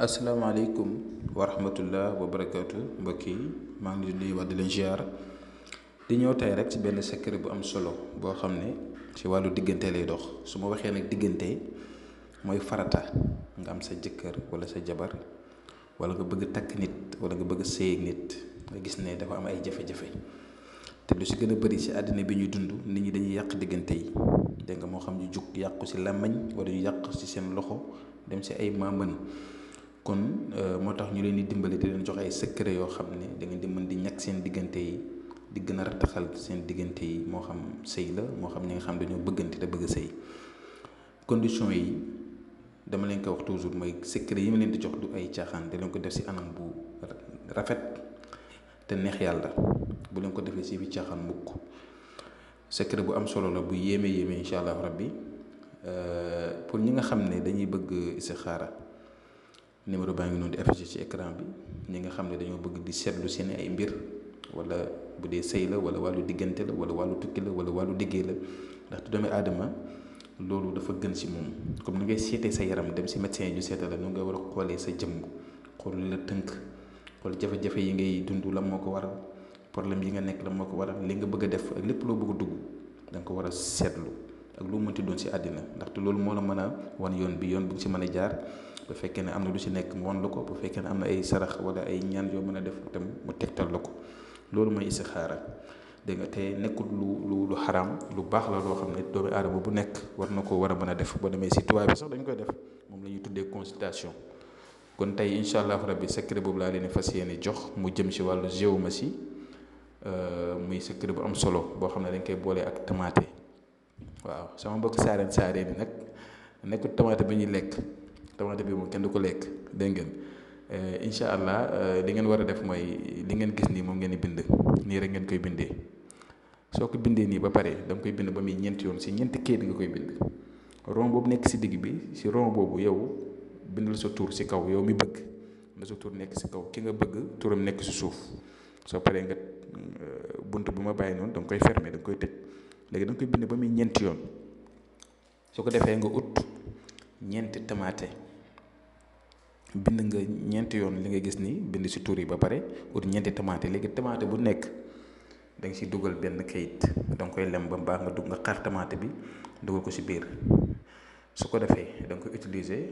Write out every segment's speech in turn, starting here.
Assalamualaikum warahmatullahi wabarakatuh, wa barakaatu mbokk yi maa ngi nuyu wax di ziar di tay rek ci benn secret bu am solo bo xamne ci walu digënté lay dox suma waxé nak digënté moy farata nga am sa jëkkeer wala sa jabar wala nga bëgg tak nit wala nga bëgg sey nit nga gis ne dafa am ay jafé jafé té lu si gëna bëri ci aduna bi ñu dund nit ñi dañuy yaq digënté yi dégg nga xam ñu juk yaq ci lamagne wala ñu yaq ci seen loxo dem ci ay mamane kon eh, mo tax ñu leen di dimbali di leen jox ay secret yoo xam ne da ngeen di mën di ñàkk seen diggante yi di gën a rataxal seen diggante yi moo xam sëy la moo xam ñi nga xam dañoo bëggante te bëgg sëy condition yi dama leen ko wax toujours mooy secret yi ma leen di jox du ay caaxaan da leen ko def si anam bu rafet te neex yàlla bu leen ko defee si bi caaxaan mukk secret bu am solo la bu yéeme yéeme incha allah rabbi eh, pour ñi nga xam ne dañuy bëgg istixaara numéro baa ngi noonu di affiché ci écran bi ñi nga xam ne dañoo bëgg di seetlu seen ay mbir wala bu dee sëy la wala wàllu diggante la wala wàllu tukki la wala wàllu diggee la ndax du doomi aadama loolu dafa gën ci moom comme ni ngay seetee sa yaram dem ci médecin yi ñu seeta la nu nga war a xoolee sa jëmm xool li la tënk xool jafe-jafe yi ngay dund la moo ko war waral problème yi nga nekk la moo ko war a li nga bëgg a def lépp loo bëgg dugg da ko war a seetlu ak lu mënti doon si àddina ndaxte loolu moo la mën a wan yoon bi yoon bu si mën a jaar bu fekkee ne am na lu si nekk mu wan lu ko bu fekkee ne am na ay sarax wala ay ñaan yoo mën a def tam mu tegtal la ko loolu mooy istixaara dégg nga te nekkut lu lu lu xaram lu baax la loo xam ne doomu aadama bu nekk war na ko war a mën a def boo demee si tubaab bi sax dañu koy def moom la ñuy tuddee consultation kon tey incha allah rabbi secret boobu laa leen fas yéene jox mu jëm si wàllu géomatie euh, muy secret bu am solo boo xam ne dañ koy boolee ak tamaate waaw sama mbokk saareen saareen bi nag nekkul tomate bi ñuy lekk tomate bi moom kenn du ko lekk dégg ngeen eh, incha allah eh, li ngeen war a def mooy li ngeen gis nii moom ngeen di bind nii rek ngeen koy bindee soo ko bindee nii ba pare danga koy bind ba muy ñeenti yoon si ñeenti kayit nga koy bind rond boobu nekk si digg bi si rond boobu yow bindal sa tur si kaw yow mi bëgg na sa tur nekk si kaw ki nga bëgg turam nekk si suuf soo paree nga eh, bunt bu ma bàyyi noonu danga koy fermer danga koy tëj legi da nga koy bind ba muy ñent yoon su ko defee nga ut ñent tamaté bind nga ñent yoon li nga gis ni bind ci tour yi ba paré ut ñent tamaté legi tamaté bu nekk da nga si dugal benn kayit da nga koy lem ba ba nga dugg nga xar tamaté bi dugal ko si biir su ko defee da nga koy utiliser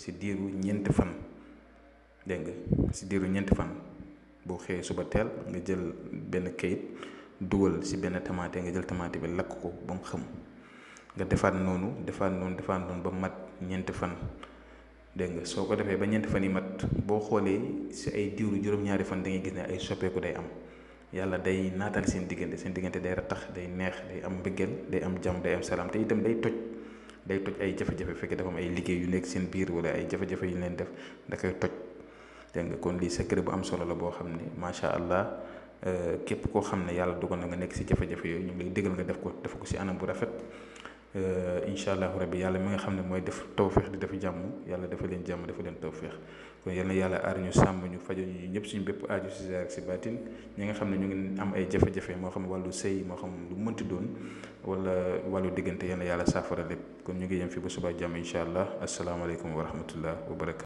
si diiru ñent fan dégg nga si diiru fan boo xëyee suba teel nga jël benn kayit duel si benn tamaate nga jël tamaate bi lakk ko bam xam nga defaat nonu defaat non defaat non ba mat ñent fan dégg nga soo ko defee ba ñent fan yi mat bo xolé ci ay diiru juroom ñaari fan da ngay gis ne ay ko day am yalla day natal seen digënde seen digënde day rattax day neex day am mbëggeel day am jam day am salam te itam day toj day toj ay jafe-jafe fekk dafa am ay liggéey yu nekk seen biir wala ay jafe-jafe yu leen def da kay toj dégg nga kon li secret bu am solo la bo xam ma sha allah Euh, képp koo xam ne yàlla dogal na nga nekk si jafe-jafe yooyu ñu ngi lay déggal nga def ko def ko si anam bu rafet euh, incha allahu rabbi yàlla mi nga xam ne mooy def tawféex di def jàmm yàlla dafa leen jàmm dafa leen tawféex kon yal na yàlla aar ñu sàmm ñu fajo ñu ñëpp suñu bépp aaju si zaar si baatin ñi nga xam ne ñu ngi am ay jafe-jafe moo xam wàllu sëy moo xam lu mënti doon wala wàllu diggante yal na yàlla saafara lépp kon ñu ngi yem fi ba subaa jàmm incha allah asalaamaaleykum wa rahmatullah wa barakatu